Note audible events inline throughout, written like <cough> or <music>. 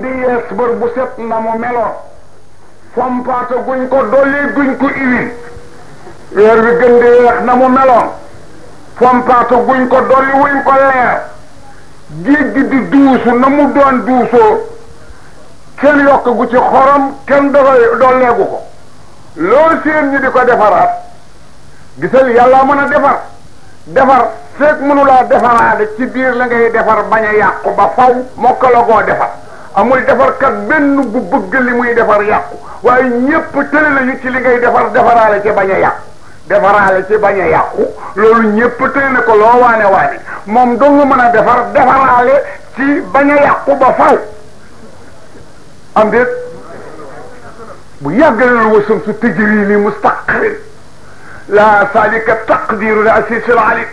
di yees bër bu set na mu meloon fompaate guñ ko dolli guñ ko iwil weer wi gën di weex na mu meloon fompaate guñ ko dolli wuñ ko leer géej gi di duusu na mu doon duusoo kenn yokk gu ci xorom kenn dogoy dolleegu ko loolu seen ñi di ko defaraat gisal yàlla mën a defar defar fekk mënulaa defaraade ci biir la ngay defar bañ a yàqu ba faw mokka la koo defar amul defarkat benn bu bëgg li muy defar yàqu waaye ñépp tële lañu ci li ngay defar defaraale ci bañ a yàqu defaraale ci bañ a yàqu loolu ñépp tële na ko loo waane moom doo nga mën defar defaraale ci bañ yàqu ba faw am déet bu yàggalee lu wasam su tëjëri ni mustaqir laa salika taqdiru la asisil alim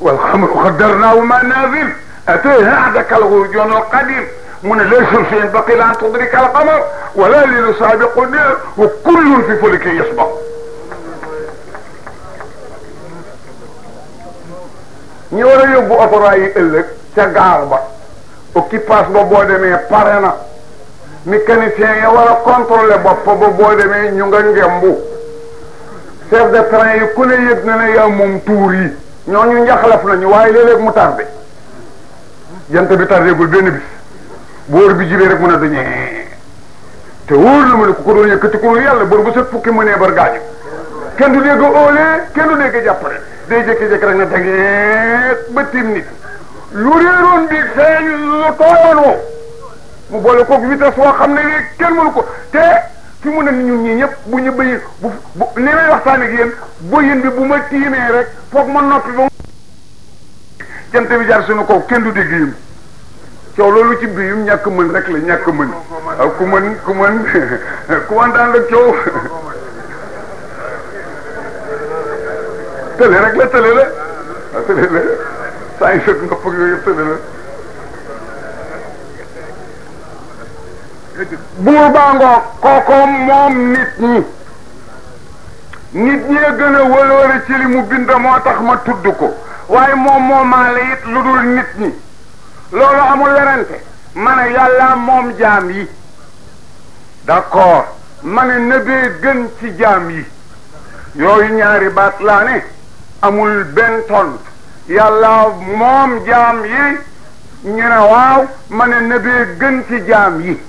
walxamru qadarnaahu manazil atee haadaka alxurjoon alqadim mu ne lay sur fiin baqi laan tudrika alqamar wala lilu saabiqu neer wa kullun fi fulki yasbaq ñu war a yóbbu opéra yi ëllëg ca gaar ba occupage ba boo demee pare na ya war a contrôler bopp ba boo demee ñu nga ngembu chef de train yi ku ne yëg na ne yaa moom tuur yi ñooñu njaxlaf nañu waaye léeg-léeg mu tardé jant bi tardé gul benn wóor bi jibee rek mun a dañee te wóor la ma ne ko doon yëkkati ko yàlla bor bu set fukki mënee bar gaañu kenn du dégg óolee kenn du dégg jàppale day jékki-jékki rek na dageet ba tim nit lu réeroon bi feeñ lu tooyoonoo mu boole koog vitesse woo xam ne léegi kenn mënu ko te fi mu ne ni ñun ñii ñëpp bu ñu bëy bu li may waxtaan bëyin bi bu ma tiimee rek foog ma noppi ba jant bi jaar suñu kaw kenn du dégg yéen coow loolu ci biir ñàkk mën rek ñàkk mën waaw ku mën ku mën <laughs> ku wantaan la <laughs> rek la tële la waaw tële la saa yu sot yooyu yëpp tële la buur baa ngoog moom nit ñi nit ñee gën a wëloore ci li mu bind moo tax ma tudd ko waaye moom moo maale it lu dul nit ñi loolu amul werante mane ne yàlla moom jaam yi d'accord ma ne nëbee ci jaam yi yooyu ñaari baat laa ne amul benn tont yàlla moom jaam yi ñu waaw ma ne nëbee gën ci jaam yi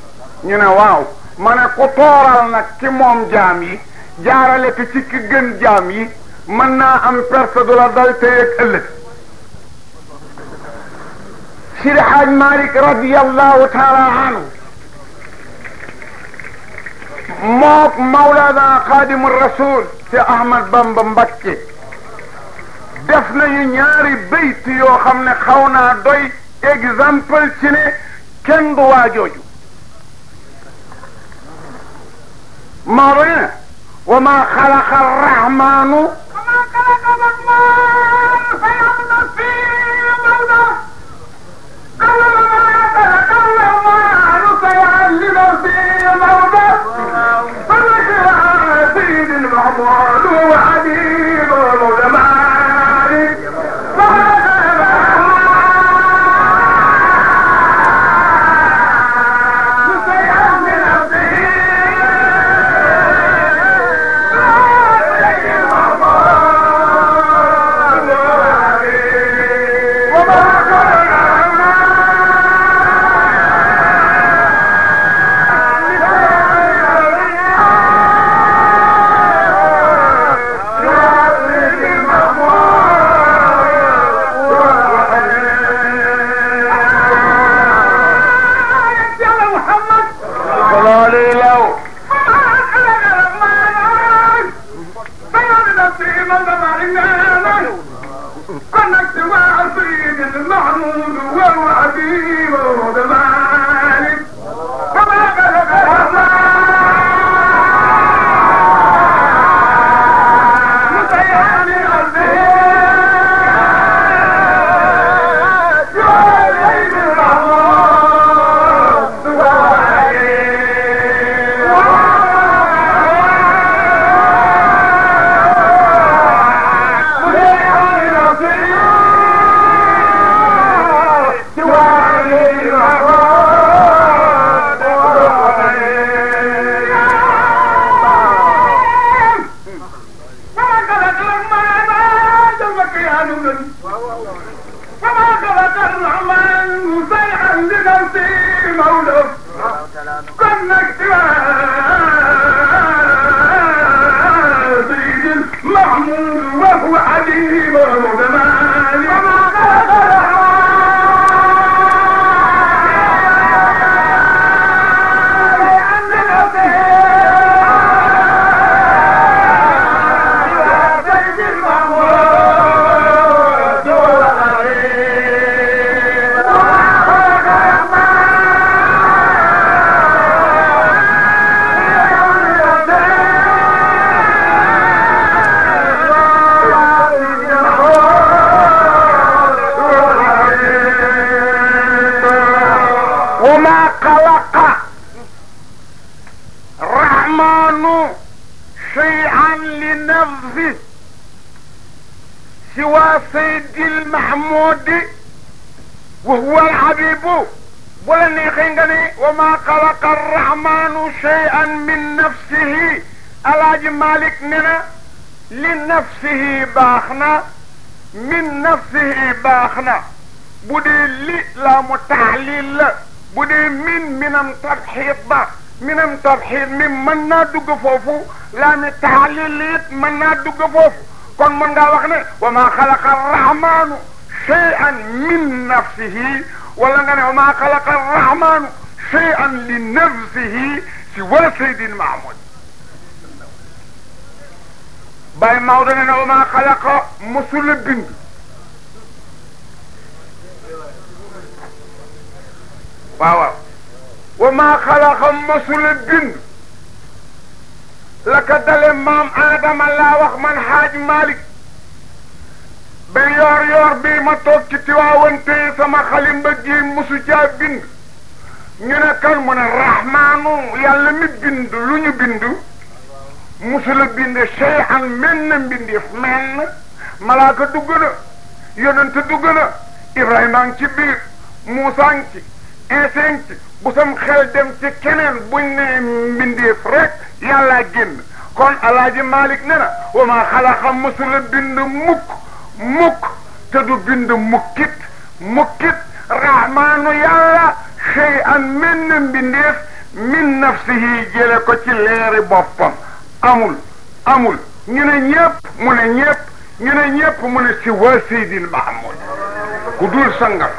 ñu ne waaw ma ne ku tooral nag ci moom jaam yi jaarale ko ci ki gën jaam yi mën naa am perte du la dal tey ak ëllëg Seydi Hadj Malick radiyallahu taala anhu mook Mawlana Xaadimu Rasul ci Ahmad Bamba Mbakke def nañu ñaari béyt yoo xam ne xaw naa doy exemple ci ne kenn du waajooju maa doy na wa maa xalaqa rahmaanu wa maa xalaqa rahmaan mahmud wa huwa alhabibu bu la neexee nga ne wa maa xalaqa arrahmanu cheyan min nafsihi alaaji malik ne na li nafsihi baax na min nafsihi baax na bu dee li laa mu taxlil la bu dee min minam tabxiit ba minam tabxiit mi mën naa dugg foofu laa mi taxlil it mën naa dugg foofu kon mën ngaa wax ne wa maa xalaqa arrahmanu shay'an min nafsihi wala nga ne wa maa xalaqa arrahmanu shay'an li nafsihi si wala saydin mahmoud Baye Maodo ne ne wa maa xalaqa mosula bind waaw waaw wa maa xalaqa mosula bind la ka dale maam Adama laa wax man xaaj Malick ba yoor yoor bii ma toog ci tiwaawan sama xalimba gi musu caa bind ñu ne kan mu ne rahmaanu yàlla mi bind lu ñu bind musula bind cheikhan menn mbindeef menn malaaka dugg na yonent dugg na ibrahima ci biir muusa ci insa ci bu sam xel dem ci keneen buñ ne mbindeef rek yàllaa génn kon alaaji malik ne na wa ma xalaqa musula bind mukk mukk te bind mukkit mukkit rahmaanu yàlla chey an menn min nafsihi jële ko ci leeri boppam amul amul ñu ne ñépp mu ne ñépp ñu ne ñépp mu ne si wa seydil mahamud ku dul sangam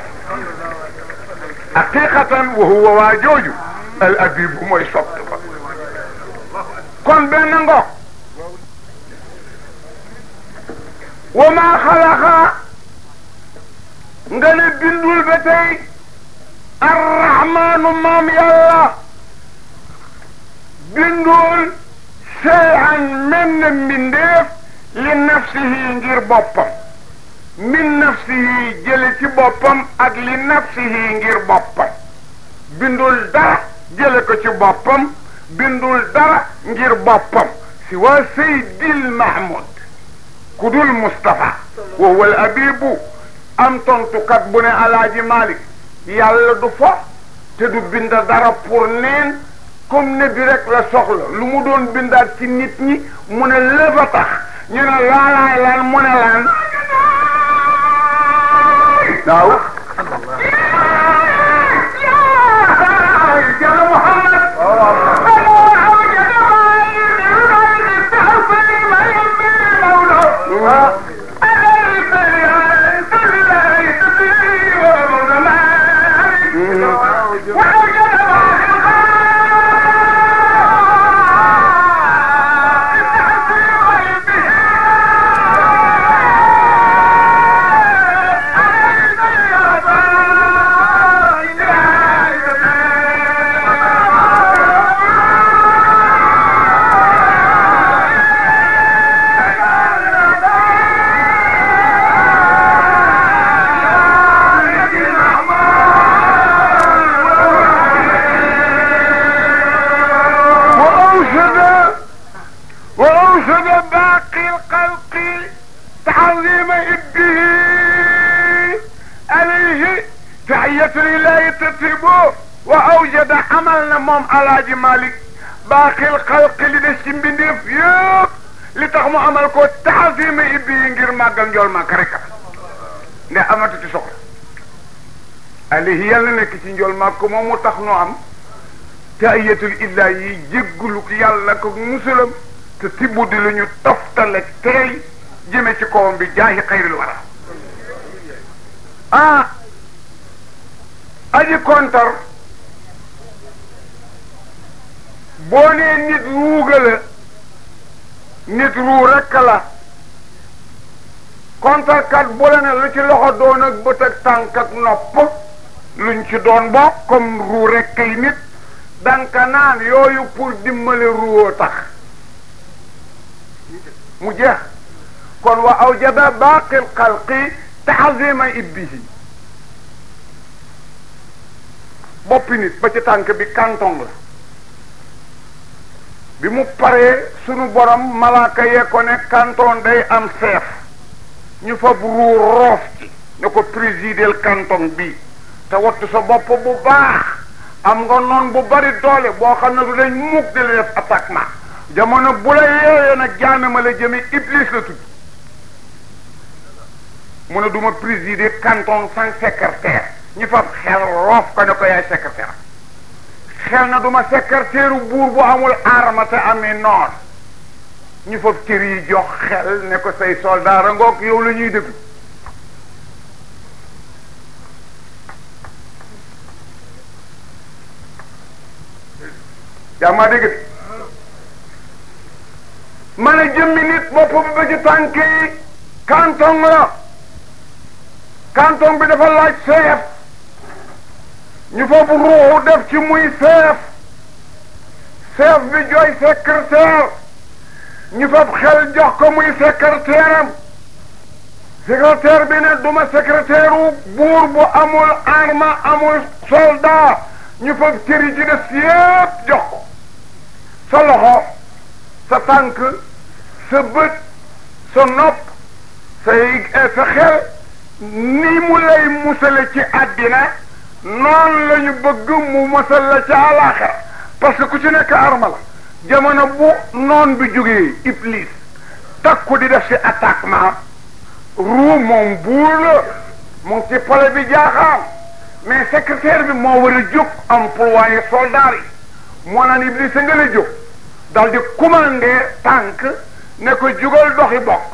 haqiqatan wa huwa waa jooju al abibu mooy sopp ba kon benn ngoog wa maa xalaqa nga ne bindul ba tey arrahmaanu maam yàlla bindul shay'an menn mbindeef li nafsihi ngir boppam min nafsihi jële ci boppam ak li nafsihi ngir boppam bindul dara jële ko ci boppam bindul dara ngir boppam si waa Seydil Mahmoud ku dul Moustapha wa wal abibu am tontukat bu ne alaaji Malick yàlla du fo te du bind dara pour neen comme ne bi la soxla lu mu doon bindaat ci nit ñi mu ne lëfa tax ñu ne laalaay lan mu ne lan waaw أرشد باقي الخلق تعظيم إبه عليه تحية الإله تطيب وأوجد عملنا موم على مالك باقي الخلق li des ci mbindeef yëpp li tax mu amal ko taasima ibbi yi ngir màggal njool màkk rek nde amatati soxla alihi yàlla nekk ci njool màkk moom mu tax nu am taayatul illah yi jéggulu yàlla ko musulam te sibbu di lu ñu toftale teey jëme ci kawam bi jaahi xayril wara ah aji kontar boo nee nit ruuga nit ruu rekk la kontarkat bu la lu ci loxo doon ak bët ak tànk ak nopp luñ ci doon bokk comme ruu rekk yi nit danga naan yooyu pour dimbali ruwoo tax mu jeex kon wa awjaba baaqil xalqi taxazima ibbihi boppi nit ba ci tànk bi kanton la bi mu paree sunu borom malaaka yee ko ne canton day am chef ñu fab ruu roof ci ne ko présidel canton bi te wattu sa bopp bu baax am nga noon bu bari doole boo xam ne du dañ mukk di la attaquement jamono bu la yeewee nag jaame ma la jëme iblis la tudd mu ne du ma présider canton sans secrétaire ñi fab xel roof ko ne ko yaay secrétaire xel na du ma buur bu amul arme te amee ñu fab cër yi jox xel ne ko say soldat a ngoog yow la ñuy déglu yaa ma ma ne jëmmi nit bopp bi ba ci tànk yi kantong la kantong bi dafa laaj seef ñu foofu ruuxu def ci muy seef seef bi jooy secrétaire ñu foofu xel jox ko muy secrétaire am bi ne duma secrétaire wu buur bu amul arma amul soldat ñu foofu cëri ci des yépp jox ko loxo sa tànk sa bët sa nopp say sa xel ni mu lay musale ci àddina noonu la bëgg mu musal la ci àllaaxira parce que ku ci nekk arma la jamono bu noon bi jógee iblis takku di def si attaquement ruu moom buur la mu ci pale bi jaaxaam mais secrétaire bi moo war a jóg employé soldat yi moo naan iblis a nga jóg dal di commandé tànk ne ko jugal doxi bokk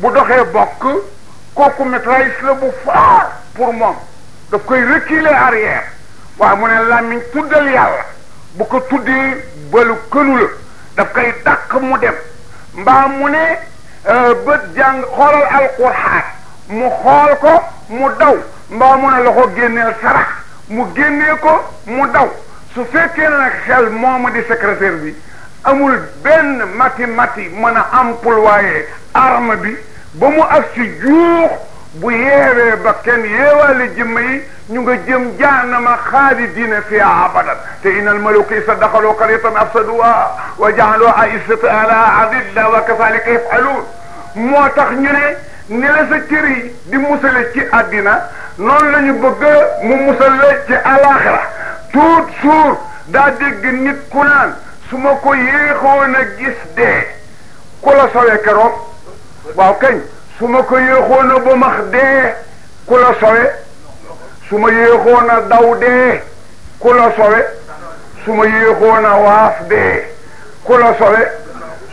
bu doxee bokk kooku maîtrise la bu faar pour moom daf koy reculer arrière waaw mu ne làmmiñ tuddal yàlla bu ko tuddee balu kënu la daf koy dàq mu dem mbaa mu ne euh, bët jàng xoolal alquraan mu xool ko mu daw mbaa mu ne loxo génneel sarax mu génnee ko mu daw su fekkee ne nag xel moomu di secrétaire bi amul benn mati mati mën a employé arme bi ba mu ak si juux bu yeewee ba kenn yeewaale jëmm yi ñu nga jëm jaanama xaalidina fiha abadan te inal maluka isa daxaloo qaryatan afsaduha wa jaaloo aisata ala adilla wa kazalika moo tax ñu ne ni ci àddina noonu la ñu bëgg mu musal la tuut suur daa dégg nit ku su ma ko yéexoon a gis dee ku la sowe keroog waaw kañ su ma ko yéexoon a ba dee ku la sowe su ma yéexoon a daw dee ku ma yéexoon a waaf dee ku la sowe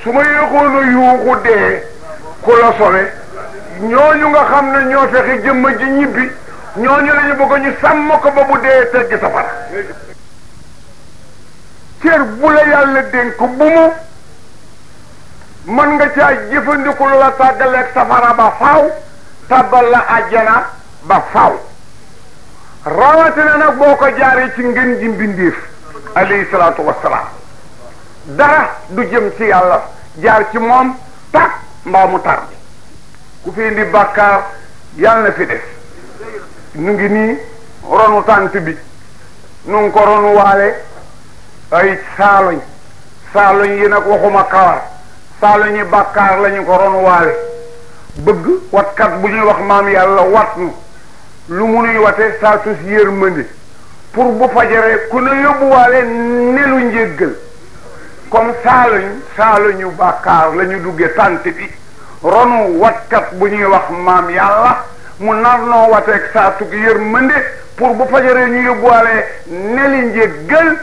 su ma yéexoon a yuuxu dee ku la sowe ñooñu nga xam ne ñoo fexe jëmm ji ñibbi ñooñu la ñu bëgg ñu sàmm ko ba bu dee tëgg safara cër bu la yàlla dénk bu mu mën nga caa jëfandiku la tàggaleeg safara ba faaw tàbbal la àjjana ba faaw rawatina nag boo ko jaaree ci ngën ji mbindeef alayhi salaatu wassalaam dara du jëm ci yàlla jaar ci moom tak mbaa mu tar ku fi indi bàkkaar yàlla na fi des ñu ngi nii ronu tànt bi nu ngi ko ronu waale ay saaloñ saaloñ yi nag waxuma kawar saaloñi bàkkaar lañu ko ron bëgg watkat bu ñuy wax maam yàlla wat nu lu mu nuy wate saa sus yërmande pour bu fajaree ku ne yóbbuwaale nelu njéggal comme saaloñ saaloñu bàkkaar la duggee tant bi ronu watkat bu ñuy wax maam yàlla mu nar noo wateeg saa sug yërmande pour bu fajaree ñu yóbbuwaale neli njéggal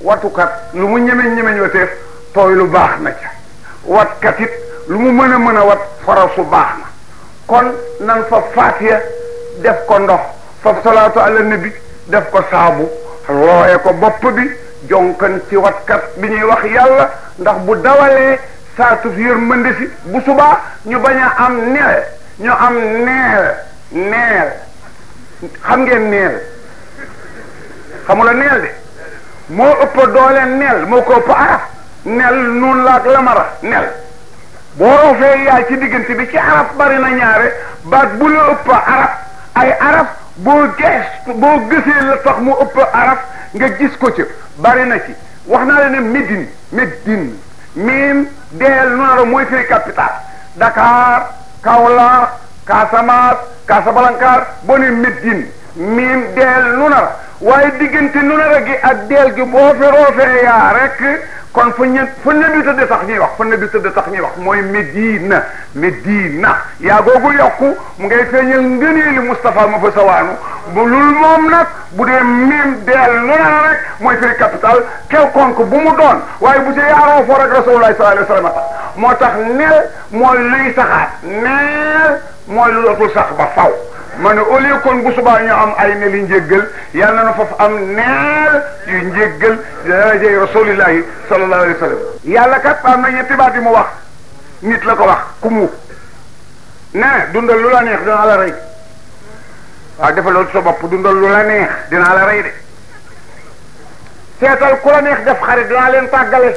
watukat lu mu ñemeñ ñemeñ wateef tooy lu baax na ca watkat lu mu mën a mën a wat farasu baax na kon nan fa faatiya def ko ndox fa salaatu ala nabi def ko saabu looye ko bopp bi jonkan ci watkat bi ñuy wax yàlla ndax bu dawalee saatu fi yërmande si bu subaa ñu bañ a am neel ñu am neel neel xam ngeen neel xamula neel de moo ëpp doole nel moo ko ëpp araf nel nun laak lamara nel boo roofee yaay ci diggante bi ci araf bari na ñaare baat bu la ëpp araf ay araf boo gees boo gësee la tax mu ëpp araf nga gis ko ca bari na ci wax naa la ne Médine Médine miim deel noonu mooy firi capital Dakar Kaolack Casamance Casablanca boo ne Médine miim deel noonu waaye diggante nu nar a gi ak deel gi boo fi roofee yaa rek kon fu ñu fu nabi tëdd tax ñuy wax fu nabi tëdd tax ñuy wax mooy Medina Medina yaa googu yokku mu ngay feeñal ngëneeli Moustapha ma fa sawaanu bu lul moom nag bu dee miim deel lu na mooy firi capital quelconque bu mu doon waaye bu ci yaaroo foo rek rasulullah sallallahu alayhi wa sallam moo tax neel mooy luy saxaat neel a lu dootul sax ba faw ma ne au lieu kon bu subaa ñu am ay neli njéggal yàlla na foofu am neel yu njéggal darajey rasulillahi yàlla kat am na ñetti baat yi mu wax nit la ko wax ku mu dundal lu la neex dinaa la rey waaw defaloon sa bopp dundal lu la neex dinaa la rey de seetal ku la neex def xarit dinaa leen tàggale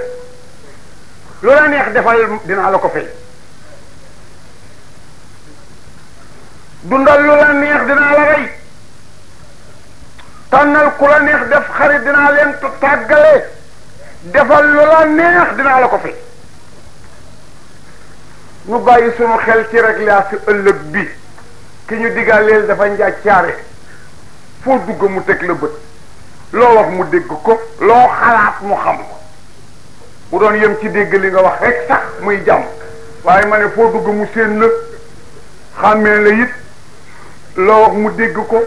lu la neex defal dinaa la ko fay ku la neex def xarit dinaa leen tàggale defal lu la neex dinaa la ko fay ñu bàyyi sunu xel ci rek ëllëg bi ki ñu diggaleel dafa njàccaare foo dugg mu teg la bët loo wax mu dégg ko loo xalaat mu xam ko bu doon yem ci dégg li nga wax rek sax muy jàmm waaye ma ne foo dugg mu séen la xàmmee la it loo wax mu dégg ko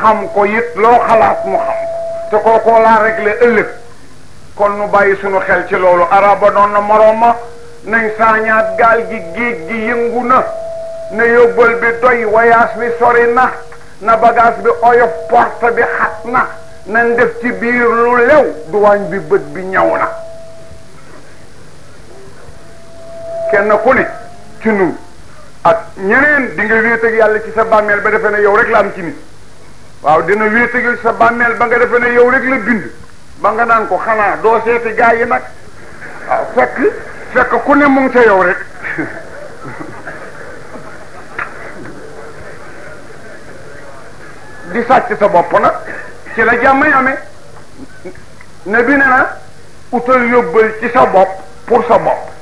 xam ko it loo xalaat mu xam te kookoo laa réglé ëllëg kon nu bàyyi sunu xel ci loolu araba noon na morooma ma nañ saañaat gaal gi géej gi yëngu na na yóbbal bi doy wayaas bi sori na na bagage bi oyof porte bi xat na nañ def ci biir lu lew duwaañ bi bët bi ñaw na kenn ku ne ci nun ak ñeneen di nga yàlla ci sa bàmmeel ba defe na yow rek la am ci nit waaw dina wéet sa bàmmeel ba nga defe ne yow rek la bind ba nga naan ko xanaa doo seeti gaa yi nag waaw fekk fekk ku ne mu ngi yow rek di sàcc sa bopp nag ci la jàmm yi amee ne bi ne na utal yóbbal ci sa bopp pour sa bopp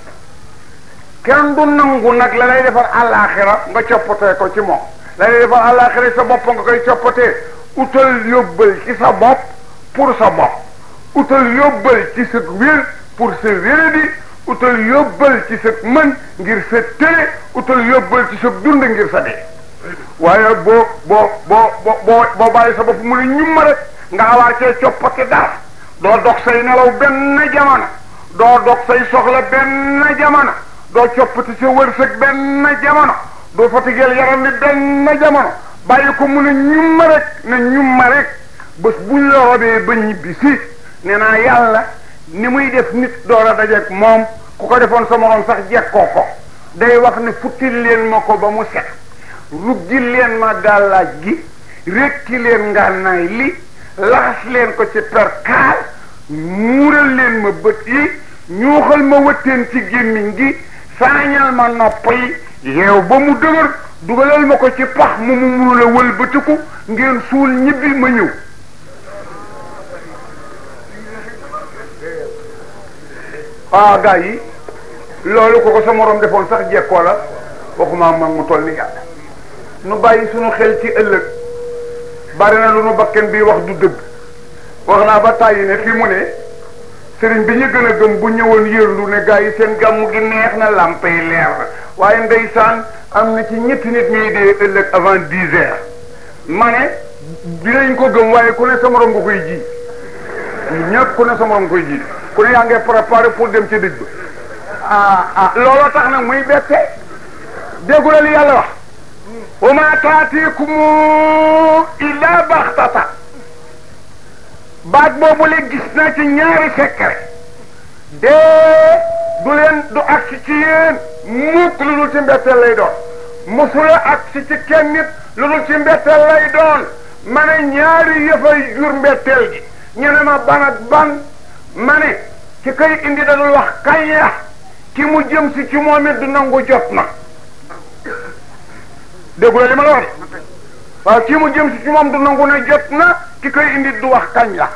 kenn du nangu nag la lay defar àllaaxira nga coppatee ko ci moom la lay defar àllaaxira sa bopp nga koy coppatee utal yóbbal ci sa bopp pour sa bopp utal yóbbal ci sa wér pour sa wéradi utal yóbbal ci sa mën ngir sa tële utal yóbbal ci sa dund ngir sa dee waaye boo boo boo boo boo bàyyi sa bopp mu ne ñu ma rek nga awaatee coppati dara doo dog say nelaw benn jamono doo dog say soxla benn jamono doo coppati sa wërsëg benn jamono doo fatigeel yaram bi benn jamono bàyyi ko mu ne ñu ma rek ne ñu ma rek bés bu ñu la robee ba nee naa yàlla ni muy def nit door a dajeeg moom ku ko defoon sa morom sax jekkoo ko day wax ne futtil leen ma ko ba mu set ruggil leen ma gàllaaj gi rekki leen ngànnaay li laxas leen ko ci perkaal muural leen ma bët yi ñuuxal ma wëtteen ci gémmiñ gi saañal ma nopp yi yeew ba mu dëgër dugalal ma ko ci pax mu mu munula wëlbatiku ngeen suul ñibbi ma ñëw ah gars yi loolu ko ko sa morom defoon sax jekkoo la waxuma man mu toll ni yàlla nu bàyyi suñu xel ci ëllëg bari na lu nu bakken bi wax du dëgg wax naa ba tàyyi ne fi mu ne sëriñ bi ñu gën a gëm bu ñëwoon yërlu ne gars yi seen gàmmu gi neex na làmp leer waaye ndeysaan am na ci ñetti nit ñuy dee ëllëg avant dix heures ma ne dinañ ko gëm waaye ku ne sa morom nga koy ji ñëpp ku ne sa morom koy ji ku ne yaa ngi préparé pour dem ci dëj ah ah looloo tax nag muy bette déggula yàlla wax wa ma taatikum illa baxtata baat boobu le gis naa ci ñaari secret dee du leen du agsi ci yéen mukk lu ci mbetteel lay doon mosula agsi ci kenn nit lu ci mbetteel lay doon ma ne ñaari yëfay jur mbetteel gi ñu ma ban ak ban ma ne kay indi dalul wax kayya ki mu jëm si ci moom it du nangu jot na déggulo li ma la waaw ki mu jëm si ci moom du nangu ne jot na ki koy indi du wax kañ la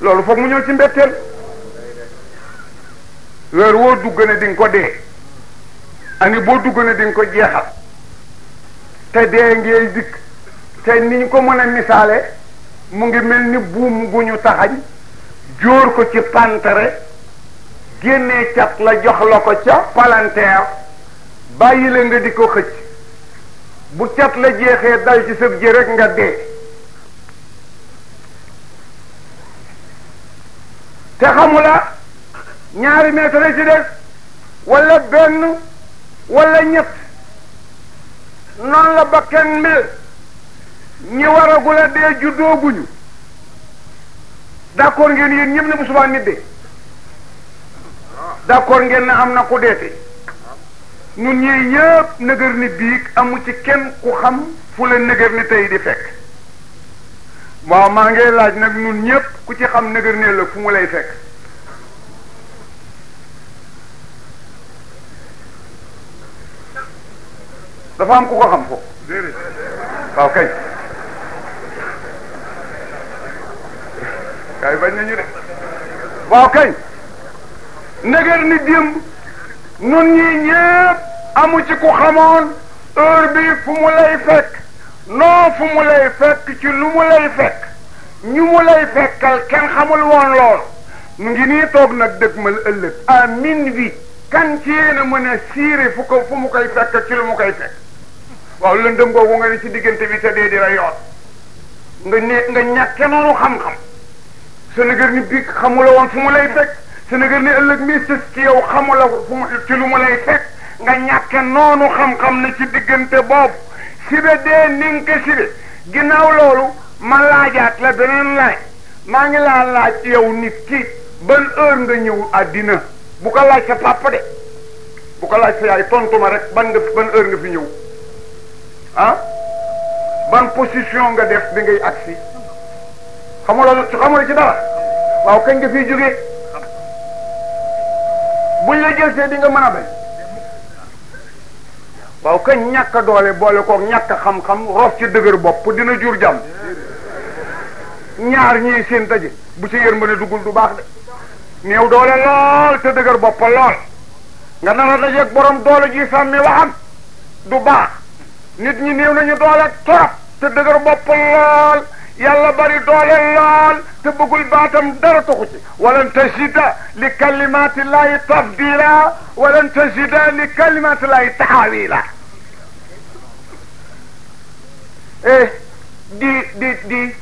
loolu foog mu ñëw ci mbetteel weer woo dugg ne di nga ko dee ani boo dugg ne di nga ko jeexal te dee ngay dikk te ni ñu ko mën a misaale mu ngi mel ni buum gu ñu taxañ jóor ko ci pantare génnee cat la jox la ko ca palanteer bàyyi la nga di ko xëcc bu cat la jeexee dal ci sëb ji rek nga dee te xamula ñaari mètre ci des wala benn wala ñett noonu la bakken mel ñi waragula dee juddooguñu d'accord ngeen yéen ñëpp ne bu subaa nit de d'accord ngeen ne am na ku deete ñun ñii ñëpp nëgër ni biig amu ci kenn ku xam fu la nëgër ni tey di fekk waaw maa ngi laaj nag ñun ñépp ku ci xam nëgër ne la fu mu lay fekk dafa am ku ko xam foofu waaw kay kay bañ nañu de waaw kay ndegeen ni démb nun ñii ñépp amu ci ku xamoon heure bi fu mu lay fekk non fu mu lay fekk ci lu mu lay fekk ñu mu lay fekkal kenn xamul woon loolu mu ngi nii toog nag dëgmal ëllëg à bi kan ci yéen a mën a fu ko fu mu koy fekk ci lu mu koy fekk waaw lëndëm googu nga ne ci diggante bi te dee di la nga ne noonu xam-xam sa nëgër ni biig xamula woon fu mu lay fekk sa nëgër ni ëllëg mi sës ci yow xamula fu mu ci lu mu lay fekk nga ñàkke noonu xam-xam ne ci diggante boobu sibe dee ni nga ko sibe ginnaaw loolu ma laajaat la beneen laaj maa ngi laa laaj yow nit ki ban heure nga ñëw àddina bu ko laaj sa papa de bu ko laaj sa yaay tontu rek ban nga ban heure nga fi ñëw ah ban position nga def bi ngay agsi xamuloo xamuloo ci dara waaw kañ nga fiy jógee buñ la jël see di nga mën a bañ waaw kañ ñàkk doole boole koog ñàkk a xam-xam rof ci dëgër bopp dina jur jàmm ñaar ñii seen daje bu ci yërmande dugul du baax de néew doole lool te dëgër bopp lool nga nar a dajeeg borom doole ji sàmmi waxam du baax nit ñi néew nañu doole trop te dëgër bopp lool. yàlla bari doole lool te bëggul baatam dara taxu ci walan tajida li kalimatillahi tafdila walan tajida li kalimatillahi taxawila eh di di di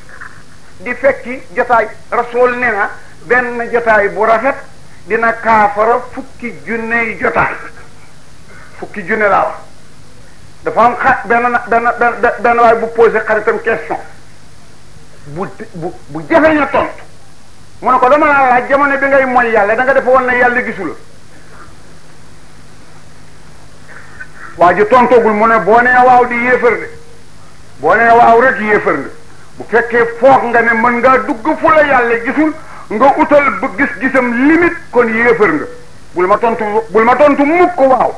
di fekki jotaay rasul nee na benn jotaay bu rafet dina kaafara fukki junney jotaay fukki junne laa wax dafa am xa benn benn benn benn waay bu posé xaritam question bu bu bu jafee na tontu mu ne ko dama laa laaj jamono bi ngay mooy yàlla da nga def woon ne yàlla gisula waa ji tontoogul mu ne boo nee waaw di yéefar de boo nga bu fekkee foog nga ne mën ngaa dugg fu la yàlla gisul nga utal ba gis-gisam limite kon yéefar nga bul ma tontu ma tontu mukk waaw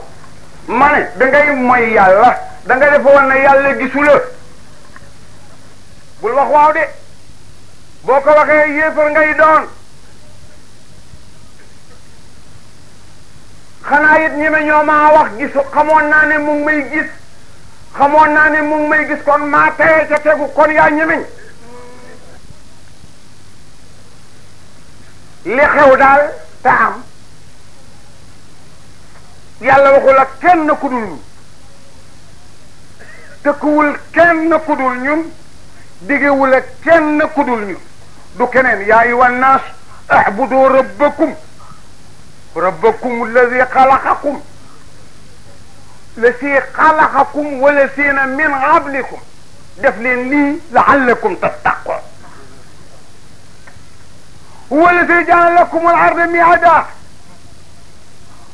ma ne da ngay yàlla da nga def woon yàlla gisula bul wax waaw de boo ko waxee yéefar ngay doon xanaa it ñi ma ñoo maa wax gisu xamoon naa ne mu ngi may gis xamoon naa ne mu may gis kon maa teye ca tegu kon yaa ñemeñ li xew daal te am yàlla waxul ak kenn ku dul tëkkuwul kenn ku dul ñun digewul ak kenn kudul ñu du keneen yaa ayyuha nnaas ahbudu rabbakum rabbakum alladi xalaqakum la si xalaqakum wala siina min qablikum def leen lii laallakum tattaqoon huwa alladi jaala lakum al arda miada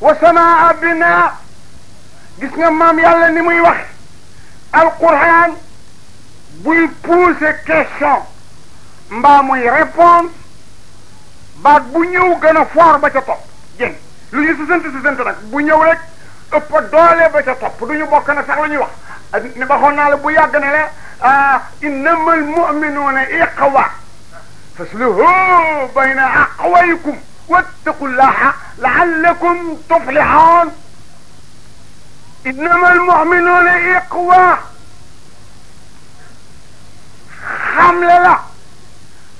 wa samaa binaa gis nga maam yàlla ni muy wax alquran buy poser question mbaa muy réponse baat bu ñëw gën a fort ba ca topp jën lu ñu sësënt sësënt nag bu ñëw rek ëpp doole ba ca topp du ñu bokk na sax lu ñuy wax ne waxoon naa la bu yàgg ne la ah, innamal mu'minuuna iqwa fasluhu bayna aqwaykum wattaqullaha la'allakum tuflihuun innamal mu'minuuna xamle la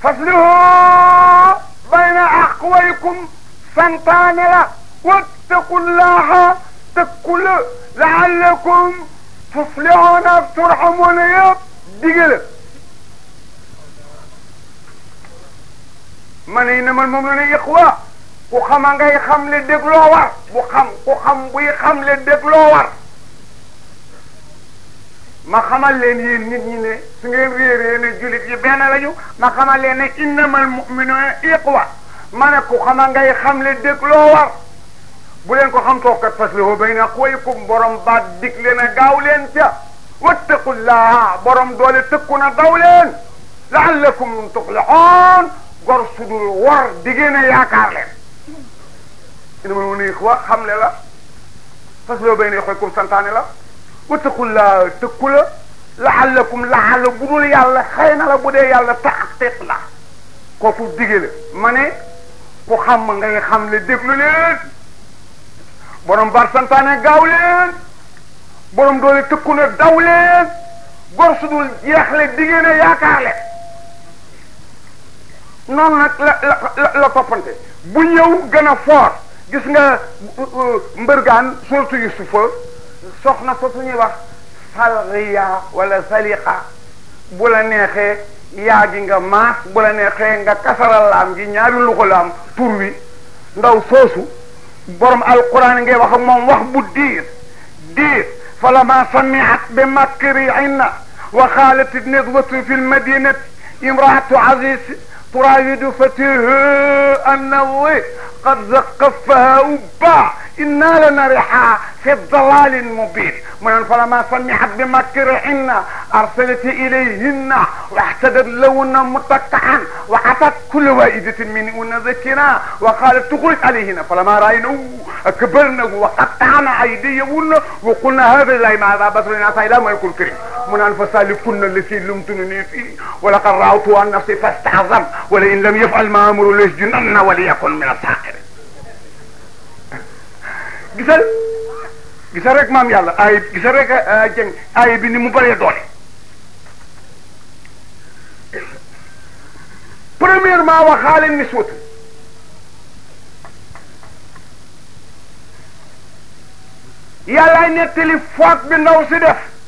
fasluhu bayna aqwaykum santaane la wattaqullaha tëkkul laallakum tuflihuna turhamuna yëpp digale ma ne na man moom la ne iqwa ku xama ngay xamle dégloo war bu xam ku xam buy xamle dégloo war ma xamal leen yéen nit ñi ne su ngeen réeree ne jullit yi benn lañu ma xamal leen ne innamal mu'minuna iqwa ma ne ku xama ngay xamle dëkk loo war bu leen ko xam tookat faslihu bayna aqwaykum borom baat digle na gaaw leen ca wattaqullaha borom doole tëkku na daw leen la'allakum tuflihun gor su dul war diggéen a yaakaar leen innamal mu'minuna iqwa xamle la faslihu bayna aqwaykum santaane la wattaqullaa tëkku la laxallakum laxalla bu dul yàlla xëy na la bu dee yàlla taxtiq la kooku dige la ma ne ku xam ngay xam le déglu leen borom bar santaane gaaw leen borom doole tëkku na daw leen gor su dul jeexle dige na yaakaar le noonu la la bu ñëw gën a gis nga uh, uh, mbërgaan surtout Yusufa soxna sa suñuy wax salriya wala saliqa bu la neexee yaa gi nga maas bu la neexe nga kasaral laam gi ñaari luxu laam tur wi ndaw soosu borom alquran ngay wax moom wax bu diir diir falama samiat bi makrihinna wa xaalat nadwatu fi lmadinati imraatu aziz تراود فتيه النووي قد زقفها وباع إنا لنرحها في ضلال مبين من فلما سمعت بمكرهن أرسلت إليهن واحتدت لون متكعا وعطت كل وائدة منهن ذكرا وقالت تخرج عليهن فلما رأينه أكبرنه وقطعنا أيديهن وقلنا هذا لا ماذا بشر عصى إلى ما يكون كريم من أنفسها لكن التي لمتنني فيه ولقد رأوته عن نفسي فاستعظم wala in lam yafal ma amuru la yasjudanna wala yakun min as-sakirin gisal gisal ay gisal ah, ah, ay bi mu bëree doole premièrement waxaale niswatu yàllaay nettali faat bi ndaw si def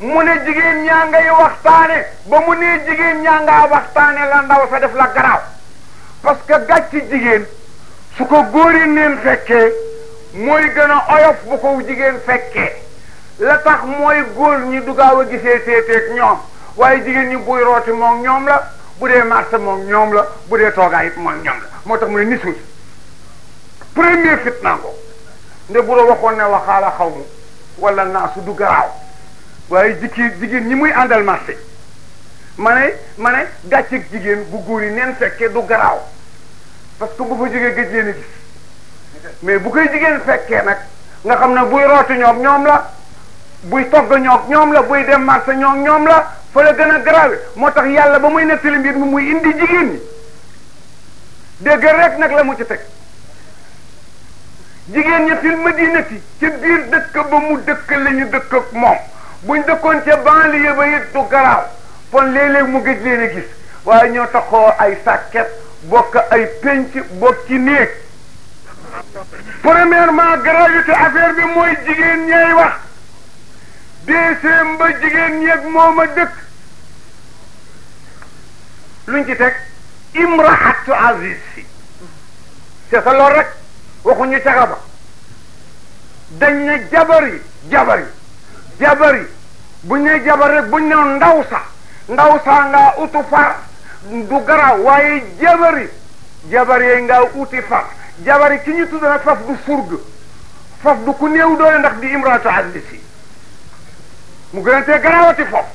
mu ne jigéen ñaa ngay waxtaane ba mu ne jigéen ñaa ngaa waxtaane la ndaw sa def la garaaw parce que gàcc jigéen su ko góori neen fekkee mooy gën a oyof bu ko jigéen fekkee la tax mooy góor ñi du gaaw a gisee seeteeg ñoom waaye jigéen ñi buy rooti moom ñoom la bu dee marché moom ñoom la bu dee toogaay moom ñoom la moo tax mu ne nisul premier fit nde bu la waxoon ne waxaala xaw mu wala naa su du garaaw waaye jikki jigéen ñi muy àndal marché ma ne ma ne gàcceeg jigéen bu góor yi neen fekkee du garaaw parce que bu fa jógee gëj leen a mais bu koy jigéen fekkee nag nga xam ne buy rooti ñoom ñoom la buy togg ñoom ñoom la buy dem marché ñoom ñoom la fa la gën a garaawe moo tax yàlla ba muy nettali mbir mi muy indi jigéen ñi dégg rek nag la mu ci teg jigéen ña fil madinati ci biir dëkk ba mu dëkk la ñu dëkk moom buñ dëkkoon ca banlieue ba it du garaaw kon léeg-léeg mu gëj leen a gis waaye ñoo taxoo ay sàkket bokk ay penc ci néeg premièrement gravité affaire bi mooy jigéen ñay wax deuxième ba jigéen ñeeg moom a dëkk luñ ci teg imraatu aziz si c'est ça loolu rek waxuñu caga ba dañ ne jabar yi jabar yi jabar yi bu ñu jabar rek bu ñu nee ndaw sa ndaw sa nga utu far du garaaw waaye jabari jabar nga uti far jabari ki ñu tudd nag faf du surg faf du ku néew doole ndax di imraatu azisi mu gën a tee garaawati foofu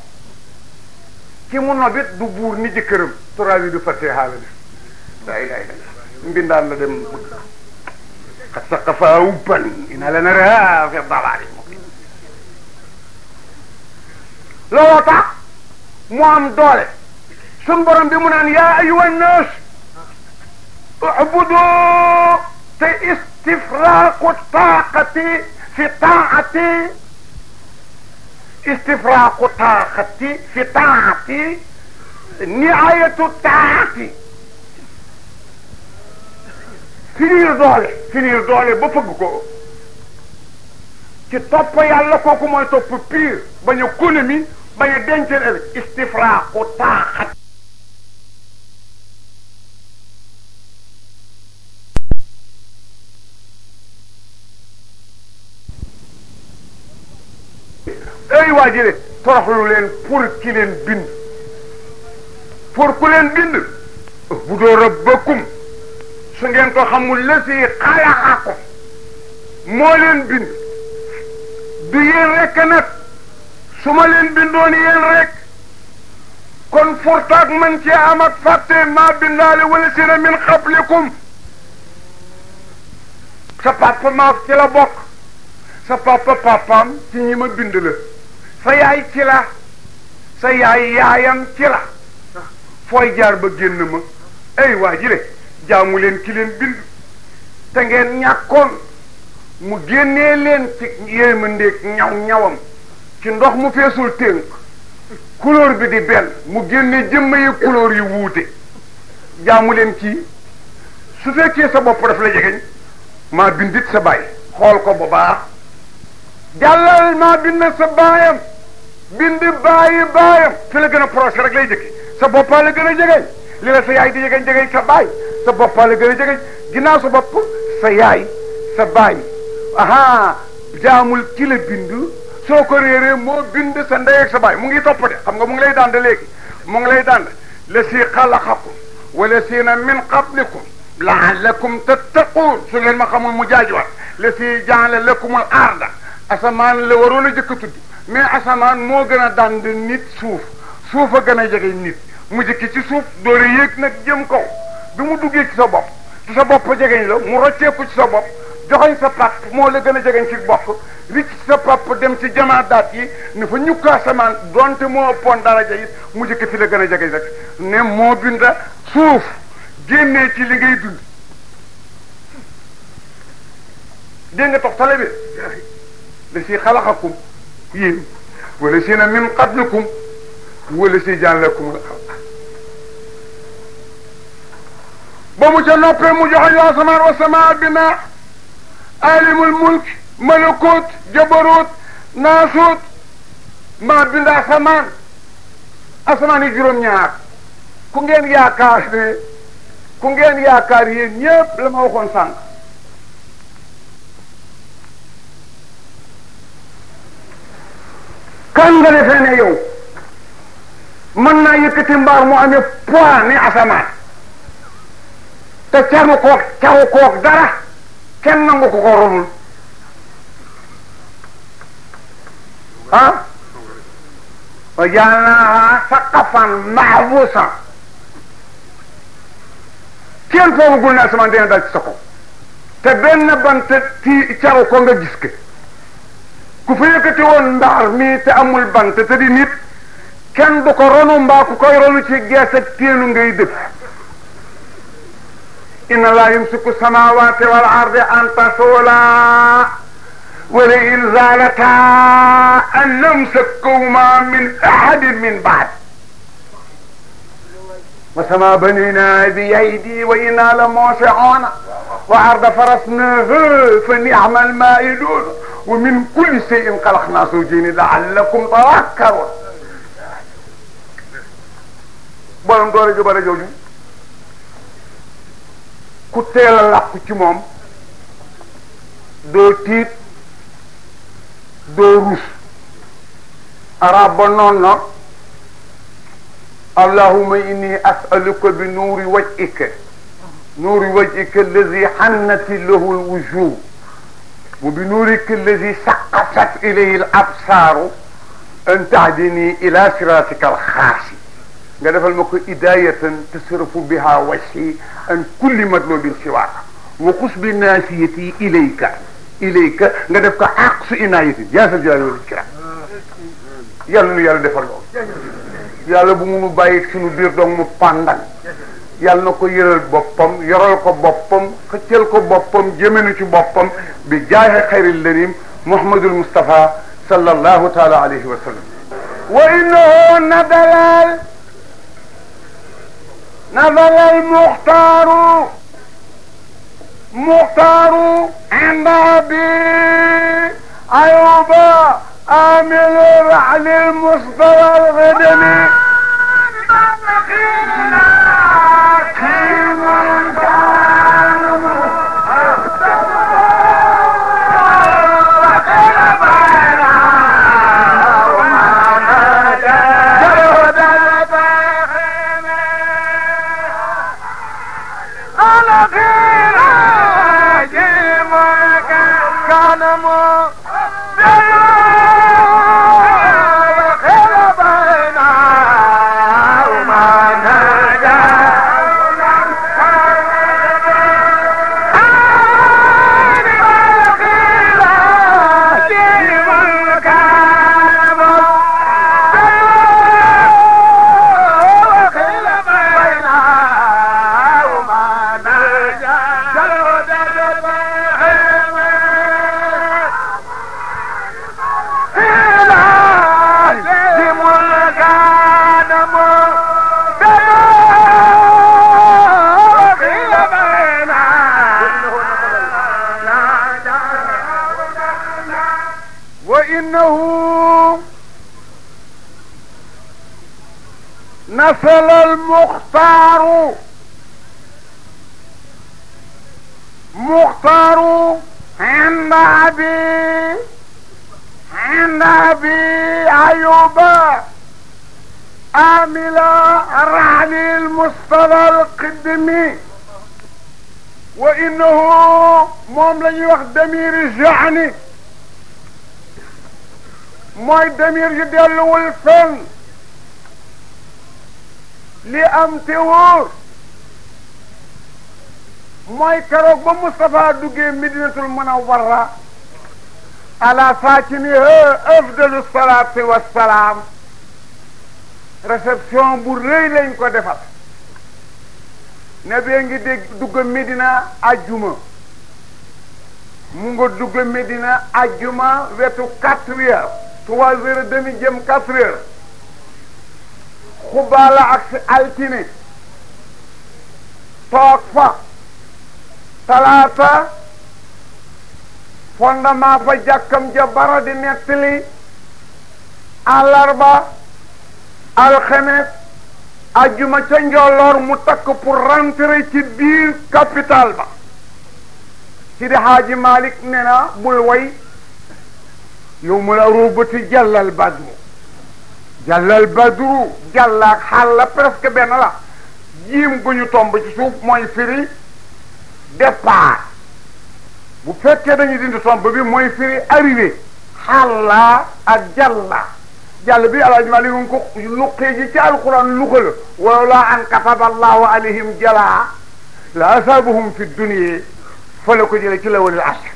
ki mu nobit du buur ni jëkkëram turaawi du fattee xaala bi la ilaha illa mbindaan la dem bëgg xat saqafa ubban ina la nara fi dalaali looloo tax mu am doole suñ borom bi mu naan yaa ayuha nnaas ubudu te istifraaqu taaqati fi taati istifraaqu taaqati fi taati niayatu taati finir doole finir doole ba fëgg ko ci topp yàlla kooku mooy topp pire bañ a kóne mi bañ a dencal ëllëg istifraaqu taaxat ay waa ji leen pour ki leen bind pour ku leen bind bu doo rabbakum su ngeen ko xamul la si xalaqakum moo leen su ma leen bindoon yéen rek kon furtaak man cee am ak fàtte maa bindaale wala sina min xablikum sa papa maa ci la bokk sa papa papaam ci ñi ma bind la sa yaay ci la sa yaay yaayam ci la fooy jaar ba génn ma ay waa ji le jaamu leen ki leen bind te ngeen ñàkkoon mu génnee leen ci yéema ndéeg ñaw ñawam ci ndox mu feesul tënk couleur bi di benn mu génne jëmm yi couleur yu wuute jaamu leen kii su fekkee sa bopp daf la jegeñ maa bindit sa baay xool ko bu baax jàllal maa bind sa baayam bind baayi baayam fi la gën a proche rek lay jëkki sa boppaa la gën a jegeñ li la sa yaay di jegeñ jegeñ sa baay sa boppaa la gën a jegeñ ginnaaw sa bopp sa yaay sa baay jaamul ki la bind soo ko réeree moo bind sa ndey ak sa baay mu ngi topp de xam nga mu lay dànd léegi mu ngi lay dànd la si xalaqakum wala siina min qablikum laallakum tattaquun su ngeen ma xamul mu jaajuwaat la si jaala lakumul arda asamaan la waroon a jëkk tudd mais asamaan moo gën a dànd nit suuf suuf a gën a jege nit mu jëkki ci suuf doole yéeg nag jëm kaw bi mu duggee ci sa bopp ci sa bopp jegeñ la mu rocceeku ci sa bopp joxoñ sa pàpp moo la gën a jegeñ ci bopp ricc sa pàpp dem ci jamaadaat yi ne fa ñukkaa samaan donte moo ëppoon daraja it mu jëkk fi la gën a jegeñ rek ne moo binda suuf génnee ci li ngay dund dégg nga tox tale bi la si xalaxakum yéen wala si na min qablikum wala si jànlakum la ba mu ca noppee mu joxoñ waa samaan wa samaa binaa alimul mulk malakut jabarut naasut maa bind asamaan asamaan yi juróom-ñaar ku ngeen yaakaar ne ku ngeen la ma waxoon sànq kan nga defee ne mën naa yëkkati mbaar mu amee poids ni asamaan te camu koog cawu koog dara kenn nangu ko ko romul ah wa jaalnaaha saqafan kenn foogagul ne asamaan dina dal ci sa te benn bant ti caru ko nga gis ke ku fa yëkkati woon mbaar mii te amul bant te di nit kenn du ko ronu mbaa ku koy ronu ci gees ak téenu ngay dëpp inna laa yumsiku samaawaati wal ardi an tazuulaa wala in zaalataa an yumsikahumaa min ahadin min ba'd والسماء بنيناها بأيدي وإنا لموسعون وأرض فرسناها فنعم المائدون ومن كل شيء خلقنا زوجين لعلكم تذكرون. borom doole ju bari jooju ku teel a làqu ci moom doo tiit doo ruus arab ba noon na allahuma inni asaluka bi nuuri wajhika nuuri wajhika allazi xannati lahu lwujuh wa bi nuurika allazi saqatat ilayhi al absaaru an tahdini ila siratika alxaasi nga defal ma ko idayatan tasrafu biha wajhi an kulli matlubin siwaaka wa xus bi naasiyati ilayka ilayka nga def ko aqsu inayatin yaasal jalaali wal ikram yàlla nu yàlla defal loolu yàlla bu munu bàyyi suñu biir dong mu pàndan yàlla na ko yëral boppam yoral ko boppam xëccal ko boppam jëmenu ci boppam bi jaaxe xayril lanim muhammadul mustafa sallallahu taala alayhi wa sallam wa innahu nadalal نزل المختار مختار عند أبي أيوب عامل رحل المصدر الغدمي حصل المختار مختار عند أبي عند أبي أيوب عامل رعل المصطفى القدمي وإنه موم لا يوخ دمير الجعني موي دمير يدلو الفن li am te wóor mooy keroog ba Moustapha duggee Medinatul Munawwara ala saakinihaa afdalu salaati wa salaam réception bu rëy lañ ko defal ne bee ngi dégg dugg Medina ajjuma mu nga dugg Medina ajjuma wetu quatre heures trois heures demi jëm quatre heures xubaa la ak si altine toog fa fa jàkkam ja bara di nettali àllarba alxemes ajjuma ca njolloor mu takk pour rentrer ci biir capital ba Sidi Haaji Malik ne na bul way yow mu la róbati jàllal badru jàllaak xaal la presque benn la jiim gu ñu ci suuf mooy firi départ bu fekkee dañuy dindi tomb bi mooy firi arrivé xàllaa ak jàlla jàll bi alaaj ma li ngi ko luqee ji ci alquran luqa la wala an allahu alayhim jala la asaabahum fi dunya fa ko jële ci la walil asr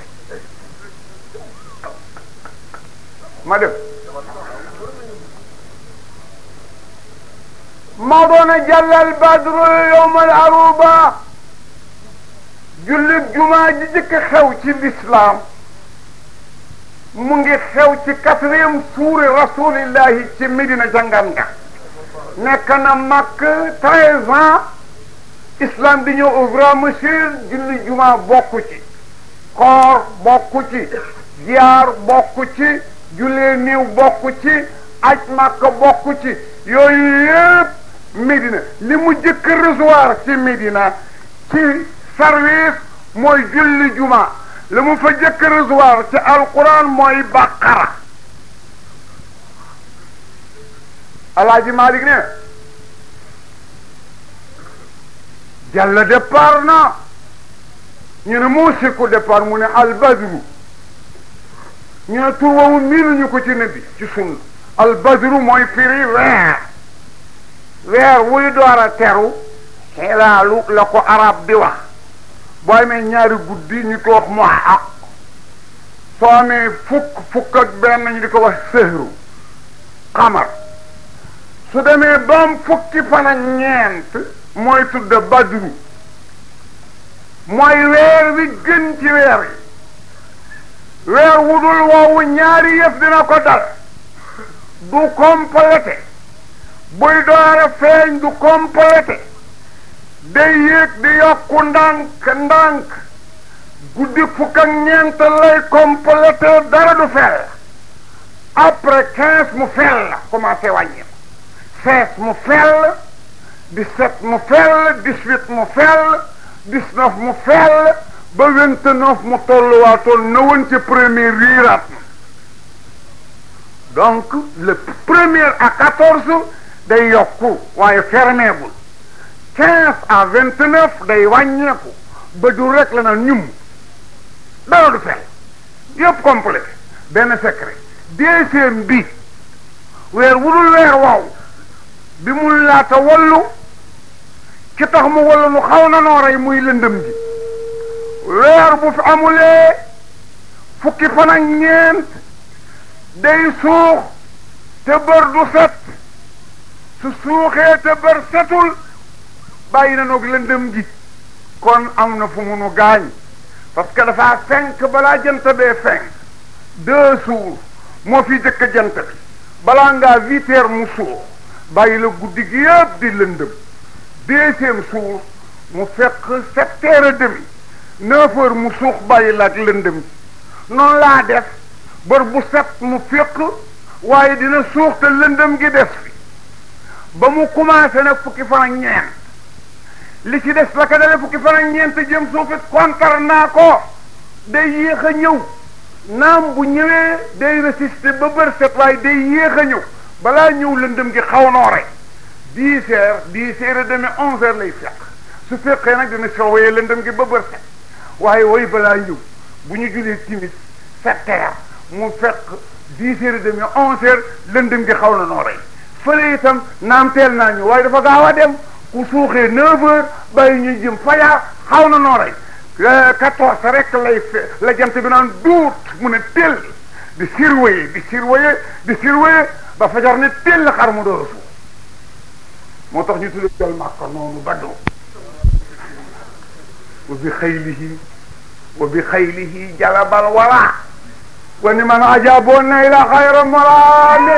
ma madona jàllal badru yowmal aruba jullit jumaa ji jëkk xew ci lislaam mu ngi xew ci quatrième suuri rasulillahi ci Medina jàngan nga nekk na mag treize islam di ñëw au grand monsieur julli bokku ci koor bokku ci ziyaar bokku ci jullee niiw bokku ci aj màkk bokku ci yooyu Médina li mu jëkk a recevoir ci Médina ci service mooy julli juma la mu fa jëkk a recevoir ci mooy baqara alaaji Malik ne jàlla na ñu ne moo sikku départ mu ne albadru ñu ne turwawu miinuñu ko ci nabi ci sunna albadru mooy firi weer weer wuy door a teru xilaalu la ko arab di wax boo amee ñaari guddi ñu toog mu ak ah. soo amee fukk fukk ak benn ñu di ko wax sëhru xamar su demee doom fukki fan ak ñeent mooy tudda badru mooy weer wi gën ci weer yi weer wudul woowu ñaari yëf dina ko dal du complété buy door a feeñ du complété day yéeg di yokku ndànk ndànk guddi fukk ak ñeent lay complété dara du fel après quinze mu fel la commencé wàññeeku seize mu fel dix-sept mu fel dix-huit mu fel dix-neuf mu fel ba vingt mu tolluwaatoon na woon ci premier riiraat donc le premier à quatorze day yokku waaye fermeegul quinze à vingt neuf day wàññeeku ba jur rek la naan ñum dara du fel yëpp complet benn secret deuxième bi weer wudul weer waaw bi mu laata wallu ci tax mu wallu nu xaw na noo rey muy lëndëm ji weer bu fi amulee fukki fan ñeent day suux te bër du set su suuxee te bër setul bàyyi na noog lëndëm gi kon am na fu mu gaañ parce que dafa fenk balaa jant bee fenk deux jours moo fi jëkk jant bi balaa ngaa huit mu suux bàyyi la guddi gi yëpp di lëndëm deuxième jour mu fekk sept heures et demi mu suux bàyyi la ak lëndëm gi noonu laa def bër bu set mu fekk waaye dina suux te lëndëm gi def ba mu commencé nag fukki fan ak li ci des la ko dalee fukki fan ak ñeent jëm suuf it kontar naa ko day yéex a ñëw naam bu ñëwee day résister ba bër set waaye day yéex a ñëw balaa ñëw lëndëm gi xaw noore dix heures dix heures et demie onze lay fekk su fekkee nag dina soowee lëndëm gi ba set waaye way balaa ñëw bu ñu julee timis sept heures mu fekk dix heures et demie onze lëndëm gi xaw la noore fële itam naam teel naa ñu waaye dafa gaaw a dem ku suuxee neuf heures bàyyi ñu jëm fajar xaw na nooray quatorze rek lay la jant bi naan duut mun a teel di surveiller di surveiller di surveiller ba fajar ne teel la xar mu door a moo tax ñu tudde jol màkka noonu baddu wa bi xaylihi wa bi wara wa ni man ajaboo ila xayra morale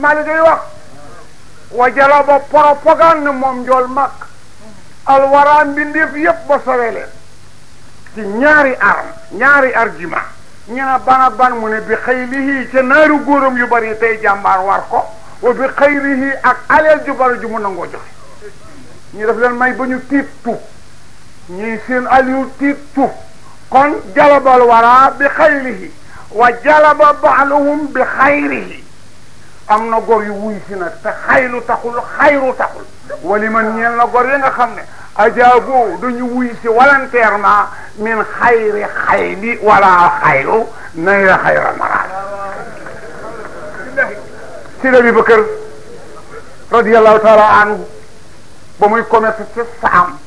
Malick ay wax wa jala ba propagande moom njool mag alwara mbindeef yépp ba sowee leen ñaari arme ñaari argument ñu ne ban a ban mu ne bi xëy lihii ca naaru yu bari tey jàmbaar war ko wa bi xëy ak aleel ju bari ju mu nangoo joxe ñu def leen may ba ñu tiit tuub ñuy seen aliou tiit tuub kon jalabal wara bi xayrihi wa jalaba baaluhum bi xayrihi am na gor yu wuy si nag te xaylu taxul xayru taxul wali man ñeel na gor yi nga xam ne ajaaboo dañu wuy si volontairement min xayri xayli wala xayru nay la xayra maraal si dabi bakër radiallahu taala anhu ba muy commerce ci saam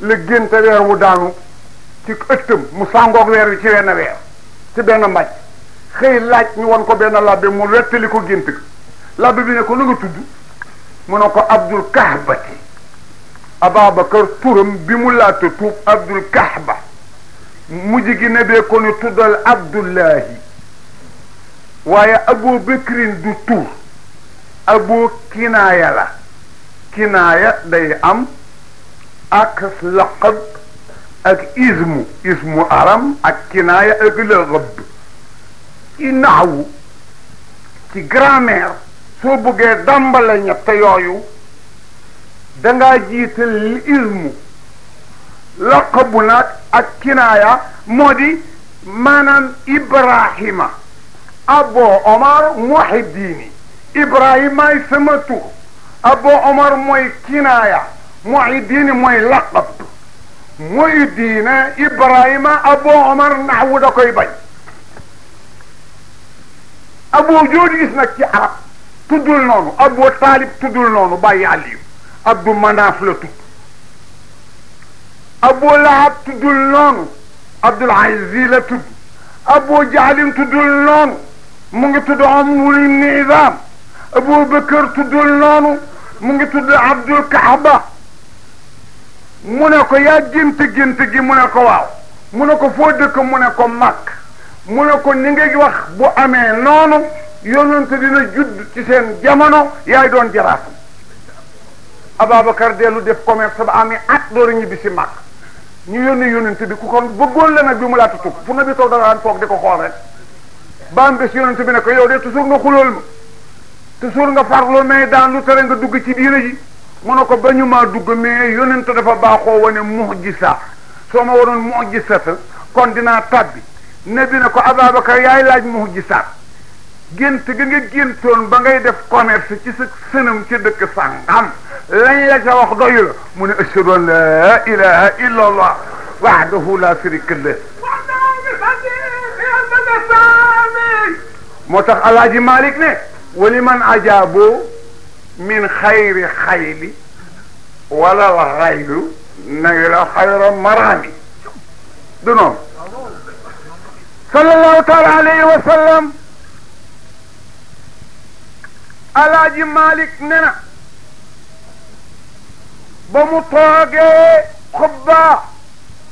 la génte weer wu daanu ci ëttam mu sàngoog weer wi ci wenn weer ci benn mbàcc xëy laaj ñu won ko benn labbe mu wettali ko gént labbe bi ne ko lu nga tudd mu ne ko abdul kahbati ababakar turam bi mu laata tuub abdul kahba mujj gi nebee ko ni tuddal abdullahi waaye aboo bëkrin du tur aboo kinaaya la kinaaya day am ak laqab ak ismu ismu aram ak kinaaya ak laqab ci naxawu ci grammaire soo bëggee dàmbale ñett yooyu dangaa jiital ilmu laqabu nag ak kinaaya moo di ibrahima abo omar mooy kinaaya mooy laqab muhiddina ibrahima abo omar naxwu da koy bañ aboo jooju gis nag ci arab tuddul noonu aboo taalib tuddul noonu bàyyi àlliyu abdu manaaf la tudd aboo lahab tuddul noonu abdul aziz la tudd aboo jahlin tuddul noonu mu ngi tudd amul ibni idaam aboo bakar tuddul noonu mu ngi tudd abdul kaaba mu ne ko yaa gént gént gi mu ne ko waaw mu ne ko foo dëkk mu ne ko màkk mu ne ko ni nga wax bu amee noonu yonent dina judd ci seen jamono yaay doon jaraafam Ababacar dellu def commerce ba amee at door a ñibbi si mag ñu yónni yonent bi ku kon bëggoon la nag bi mu laata tub fu na bi toog daan toog di ko xool rek baam bi ne yow de toujours nga xulool ma toujours nga farloo mais daan lu tere nga dugg ci diina ji mu ne ko ba ñu maa dugg mais yonent dafa baaxoo wane mu'jisa soo ma waroon mu'jisata kon dinaa tàbbi ne bi na ko Ababacar yaay laaj muhjisaat gént ga nga géntoon ba ngay def commerce ci sa sënam ca dëkk sàngam lañ la ca wax doyu la mu ne ashhadu an la ilaha illa allah wahdahu la sharika lah moo tax alaaji Malik ne wali man ajaabo min xayri xayli wala la xaylu nawi la xayra marami du noonu sallallahu taala alayhi wa sallam alaaji malik ne na ba mu toogee xubba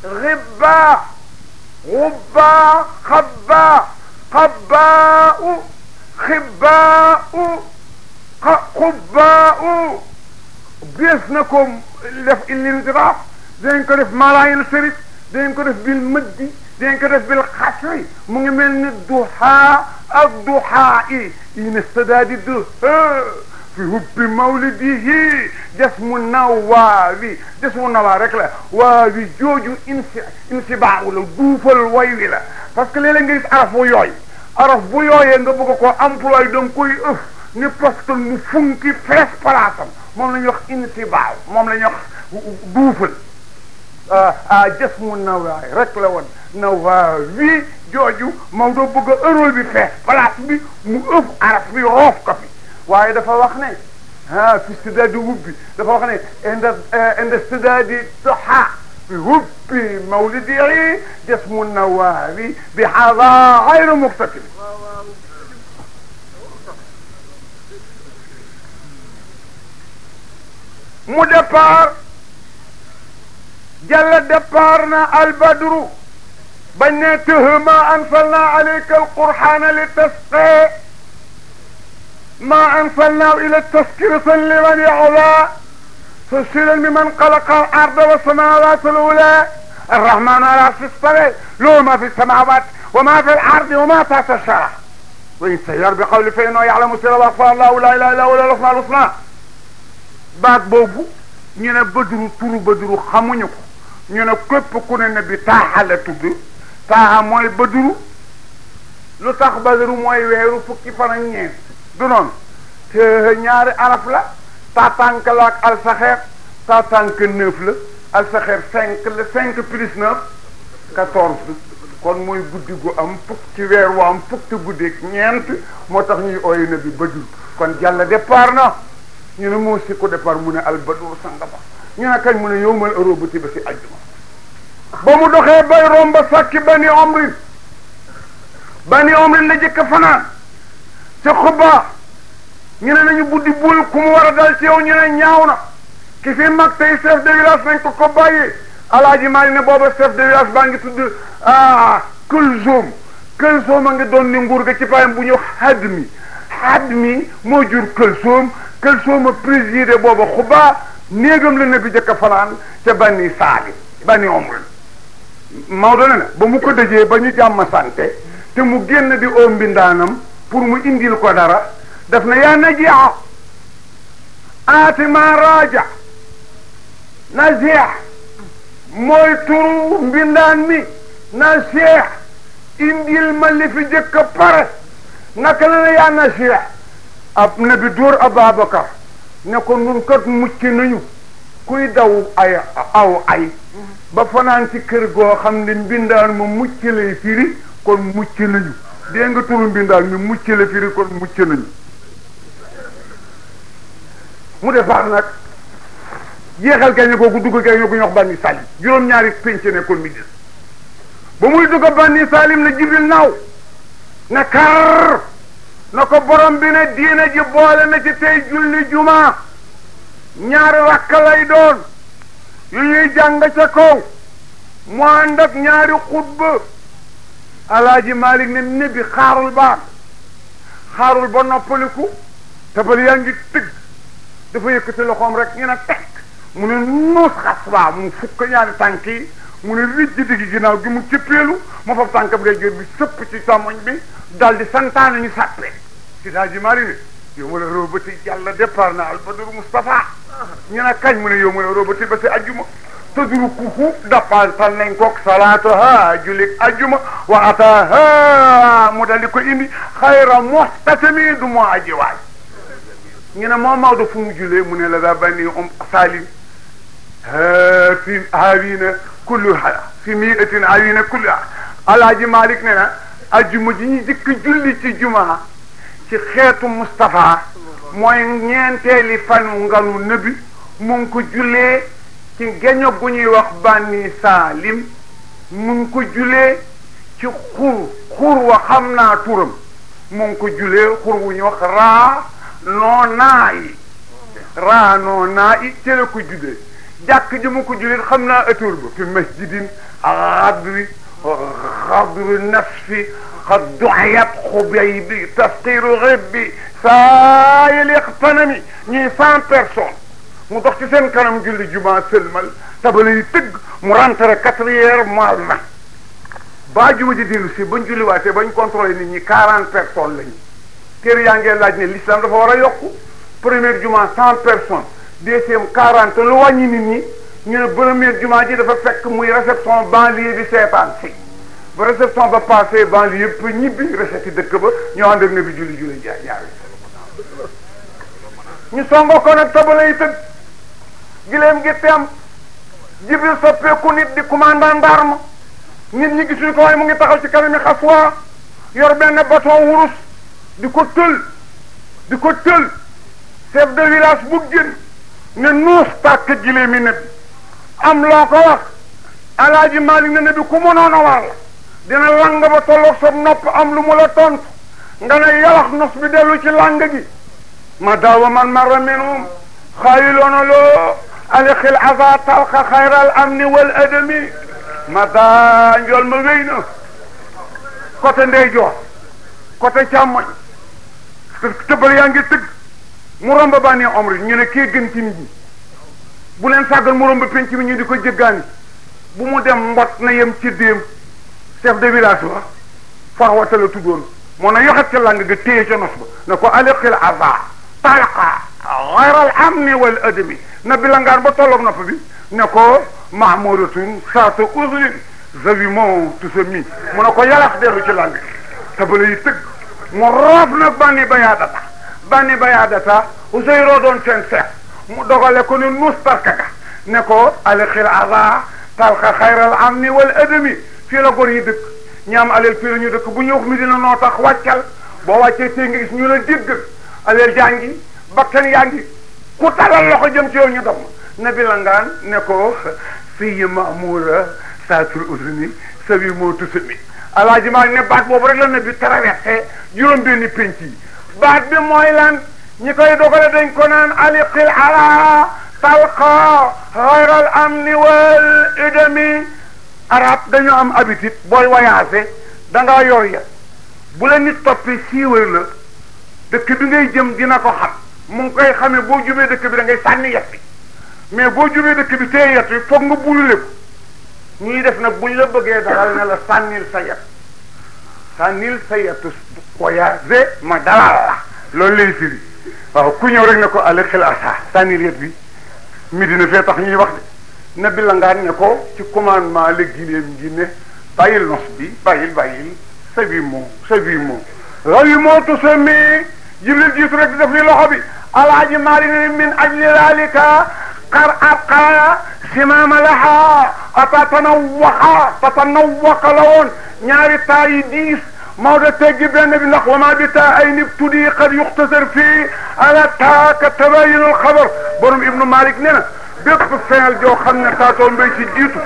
xibba xubba xabba xabba u xibba u xubba u bees na ko def illin dinañ ko def malaayil sërit dinañ ko def bil mëddi dinañ ko bi bil xasri mu ngi mel ni duhaa ak duhaa yi inistadaadi duhaa fi hubbi mawlidihi des mu naw waa wi des mu nawaa rek la waa wi jooju insi insibaaw la duufal way wi la parce que léeg-léeg nga gis araf yooy araf bu yooyee nga bëgg ko employé da nga koy ëf ni postal mu funki fees palaasam moom la ñuy wax insibaaw moom la ñuy wax Euh, ah jësmu nawaay rek la woon nawaay wii jooju Maodo bëgg a ërol bi fees place bi mu ëf araf bi roof ko fi waaye dafa wax ne ah fi stidadi wubbi dafa wax ne inda eh, inda stidadi toxa bi wubbi mawlidi yi jësmu nawaay bi xaada xayra muktatim mu départ jalla départ na albadru bañ ne tëh ma ansalna alayka alqur'ana li tasqa ma ansalna ila taskiratan liman yaxwa fasilan miman xalaqa al arda wa samawat al ula الرحمن على العرش استوى له ما في السماوات وما في الارض وما تحت الشرع وان سير بقول فانه يعلم سر واخفى الله لا اله الا هو الاسماء الحسنى baat boobu ñu ne Badru turu Badru xamuñu ko ñu ne képp ku ne ne bi taaxa la tudd taaxa mooy baduru lu tax baduru mooy weeru fukki fan ak ñeent du noonu te ñaari araf la taatànk la ak alsaxeer taatànk neuf la alsaxeer cinq la cinq plus neuf quatorze kon mooy guddi gu am fukk ci weer wu am fukk te guddeeg ñeent moo tax ñuy ooyu na bi baduru kon jàll départ na ñu ne moo si ko départ mu ne al baduru sanga ba ñu ne kañ mu ne yow mal ëroo ba ci ba si ajjuma ba mu doxee bay romb sàkki bani omrin bani omrin la jëkk fanaan ca xubaa ñu ne nañu buddi bul ku mu war dal ci yow ñu ñaaw na ki fi mag tey chef de village nañ ko ko bàyyee alaaji maa ngi ne booba chef de village baa ngi tudd ah Kulzum Kulzum a ngi doon ni nguur ga ci bàyyam bu ñëw Hadmi Hadmi moo jur Kulzum Kulzum a présidé booba xubaa néegam la ne bi jëkk fanaan ca bani saali bani omrin Maodo ne na ba mu ko dëjee ba ñu jàmm sante te mu génn di oo mbindaanam pour mu indil ko dara daf na yaa najia aati maa raaja naseex mooy turu mbindaan mi naseex indil ma li fi jëkk pare naka la na yaa naseex ab na bi dóor Ababacar ne ko nun kat mucc nañu kuy daw ay ay ba fanaan ci kër goo xam ne mbindaan mu mucc lay firi kon mucc lañu dégg nga turu mbindaan mi mucc la firi kon mucc lañu mu defaat nag yéexal gañe googu dugg gañe gu ñu bànni saalim juróom-ñaari pénc nekkoon mi ba muy dugg bànni saalim la jibril naaw na kar na ko borom bi ne diina ji boole na ci tey julli jumaa ñaari rakk lay doon yu ñuy jàng ca kaw mu ànd ñaari xutba alaaji Malik ne nebi xaarul baax xaarul ba noppaliku tabal yaa ngi tëgg dafa yëkkati loxoom rek ñu ne tekk mu ne nuus xas baa mu fukk ñaari tànk yi mu ne rijji digg ginnaaw gi mu cëppeelu ma fab tànk bi day jër bi sëpp ci càmmoñ bi daldi di santaane ñu sàppe si daa ji ne yow ma la robati yàlla départ na albadru Moustapha ñu ne mu ne yow ma la robati ba si ajjuma tadrukuhu dappaatal nañ kook salaataha julik ajjuma wa ataha mu daldi ko xayra muhtasimi du moo aji waaj ñu ne mu julee mu ne la daa bani um salim fi haawina kulluha fi miatin haawina kulluha Malik ne na ji ñu jëkk julli ci ci xeetu Moustapha mooy ñeenteeli fanu nganu nëbi mu ko jullee ci geño gu ñuy wax bànni saalim mu ko julee ci xur xur wa xam naa turam mu ko jullee xur wu ñuy wax raa noo naa yi raa noo naa yi ci ko jullee jàkk ji mu ko jullit xam naa ëttur ba fi masjidin xadri xadri nafsi قد دعيت خبيبي تفطير غبي سايل يقتنمي ñuy cent personnes mu dox ci seen kanam julli juma sëlmal tabala yi tëgg mu rentré quatre heures maal na baa juma ji dellu si bañ julliwaatee bañ contrôlé nit ñi quarante personnes lañu téere yaa ngee laaj ne l'islam dafa war a yokku première juma cent personnes deuxième quarante lu wàññi nit ñi ñu ne première juma ji fa fekk muy réception banlieue bi seetaan si ba réception ba passé ban li yëpp ñibbi recette dëkk ba ñu ànd ak bi julli julli jaar jaar ñu songo ko nag tabala yi gileem gi tem jibril soppeeku nit di commandant d'arme nit ñi gisuñu ko waaye mu ngi taxaw ci kanami xaswa yor benn bâton wurus di ko tël di ko tël chef de village bu gën ne nuus tàkk gileemi ne bi am loo ko wax alaaji Maalik ne ne ku mënoon a war la dina lang ba tolloog sa nopp am lu mu la tontu nga ne yalax nos bi dellu ci lang gi ma daawa man marra minhum xaayiloona loo alexil talxa xayral amni wal adami ma daa njool ma wéy na côté ndeyjoor côté càmmoñ tëbbal yaa ngi tëgg mu romb bànnee omri ñu ne kee gën ci nit ñi bu leen sàggal mu romb penc mi ñu di ko jëggaani bu mu dem mbot na yem ci chef de village ba Fawata la tuddoon moo na yoxet ca làng ga téye ca nos ba na ko aliqil aza talqa xayral amni wal adami bi langaan ba tolloog nopp bi ne ko mahmuratun saata uslin zawi mi mu ne ko yalax dellu ci làng tabala yi tëgg mu roob nag bayaadata bànni bayaadata useyro doon seen seex mu dogale ko ne nuus tarkaka ne ko aliqil talqa xayral amni wal fii la gor yi dëkk ñi am aleel fii la ñu dëkk bu ñu wax mi dina noo tax wàccal boo wàccee tey nga gis ñu la dégg aleel jaa ngi bakkan ku talal loxo jëm ci yow ñu dom na bi la ngaan ne ko fii maamura saatul usmi sa wi moo tusami alaaji maa ngi ne baat boobu rek la na bi traversé juróom benni penc baat bi mooy lan ñi koy dogale dañ ko naan aliqil ala talqa xayral amni wal idami arab dañoo am habitude booy wayaase da ngaa yor ya bu la nit toppee siiwal la dëkk bi ngay jëm dina ko xam mu ngi koy xamee boo jubee dëkk bi da ngay sànni yet bi mais boo jubee dëkk bi tey yet bi foog nga bulule ko ñuy def nag buñ la bëggee dalal ne la sànnil sa yet sànnil sa yet wayaase ma dalal la loolu lay firi waaw ku ñëw rek ne ko àll xilaasa sànnil yet bi mi dina fee tax ñuy wax de na bi la ngaan ne ko ci commandement la giléem gi ne bàyyil nos bi bàyyil bàyyil sa bi moo sa bi moo raw yi moo tusammi jibril jiitu rek di def li loxo bi alaaji maari ne min ajli dalika xar abqa simamalaha tatanawwaqa tatanawwaqa la woon ñaari taa yi diis Maodo teggi benn bi ndax wama bi taa ay nib tuddi qad yuxtasar fii ala taaka tabayunul xabar borom ibnu malik ne na bépp feel joo xam ne taatombe ci jiitu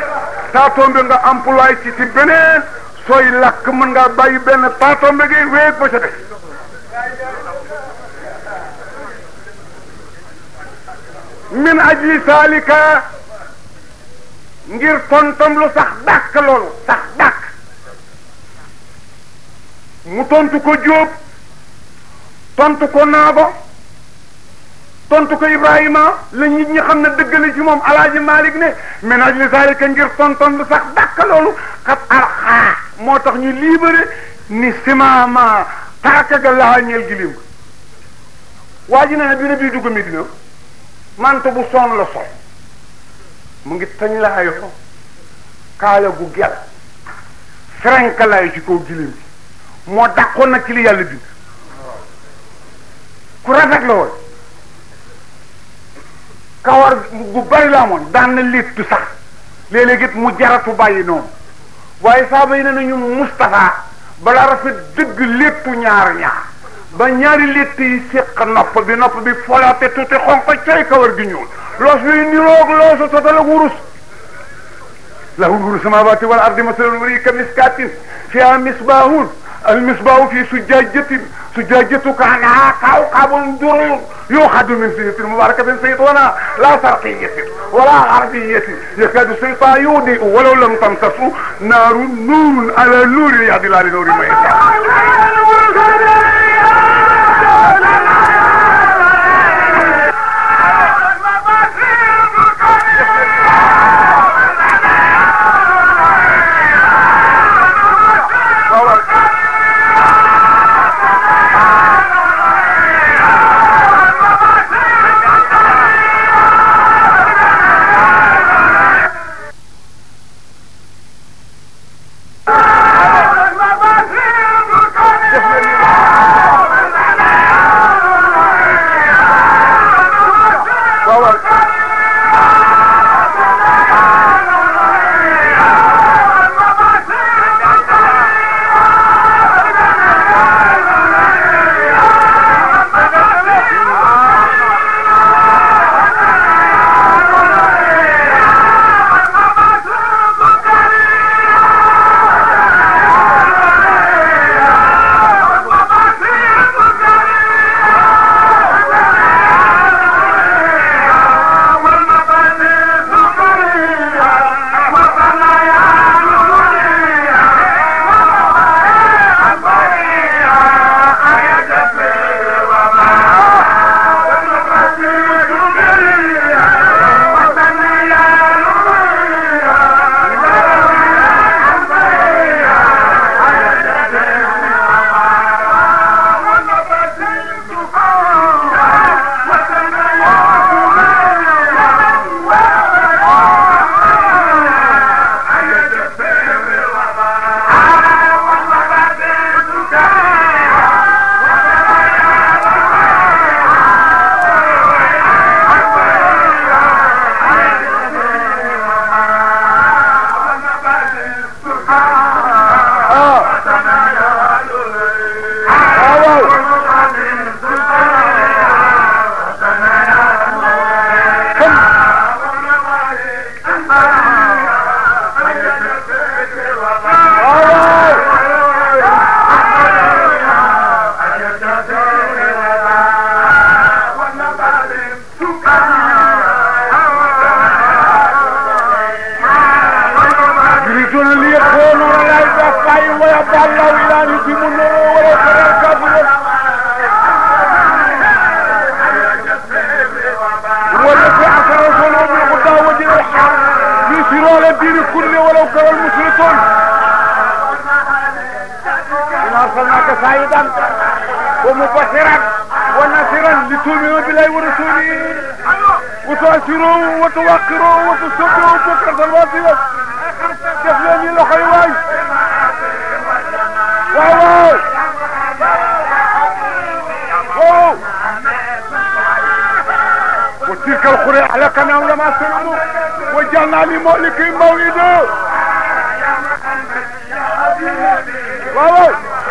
taatombe nga employé ci ci beneen sooy làkk mën ngaa bàyyi benn taatombe gi wéeg ba ca def min aji saalika ngir tontam lu sax dàkk loolu sax dàkk mu tontu ko jóob tontu ko naago tontu ko Ibrahima la nit ñi xam ne dëgg la ci moom El Hadj Malick ne min ajli zalika ngir tonton lu sax dàkk loolu xat arxaa moo tax ñu libéré ni simaama taaka ga laa ñeel gilim waa ji ne bi ne bii dugg Medina mante bu son la sol mu ngi tañ laayoo kaala gu gel frenka laay ci kaw gilim bi moo dàqoon nag ci yàlla bind ku rafet la woon kawar bu bari la amoon daan na léttu sax léeg-léeg it mu jaratu bàyyi noonu waaye saaba yi ne nañu Moustapha balaa rafet dëgg léttu ñaar ñaar ba ñaari létt yi na nopp bi nopp bi folaate tuuti xonq coy kawar gi ñuul loos bi niroog loosu sotal ak wurus lahu nuuru samaawaati wal ardi masalul wuri ka miskaatin fiha misbaahun المصباح في سجاجة سجاجة كعنها كوكب درر يوحد من سنة مباركة سيطونا لا شرقية ولا غربية يكاد الشيطان يودئ ولو لم تمسسه نار نور على نور يهدي الله لنور ما يشاء arsalnaaka shaahidan wa mubashiran wa nasiran li tu'minu billahi wa rasulihi wa tu'azziruhu wa tuwaqqiruhu wa tusabbihuhu bukratan wa asiilan def leen ni loxo yi waay waaw waaw waaw wa tilka al-qura ahlaknaaha lammaa salimu wa ja'alnaa li muhlikihim maw'idan waaw waaw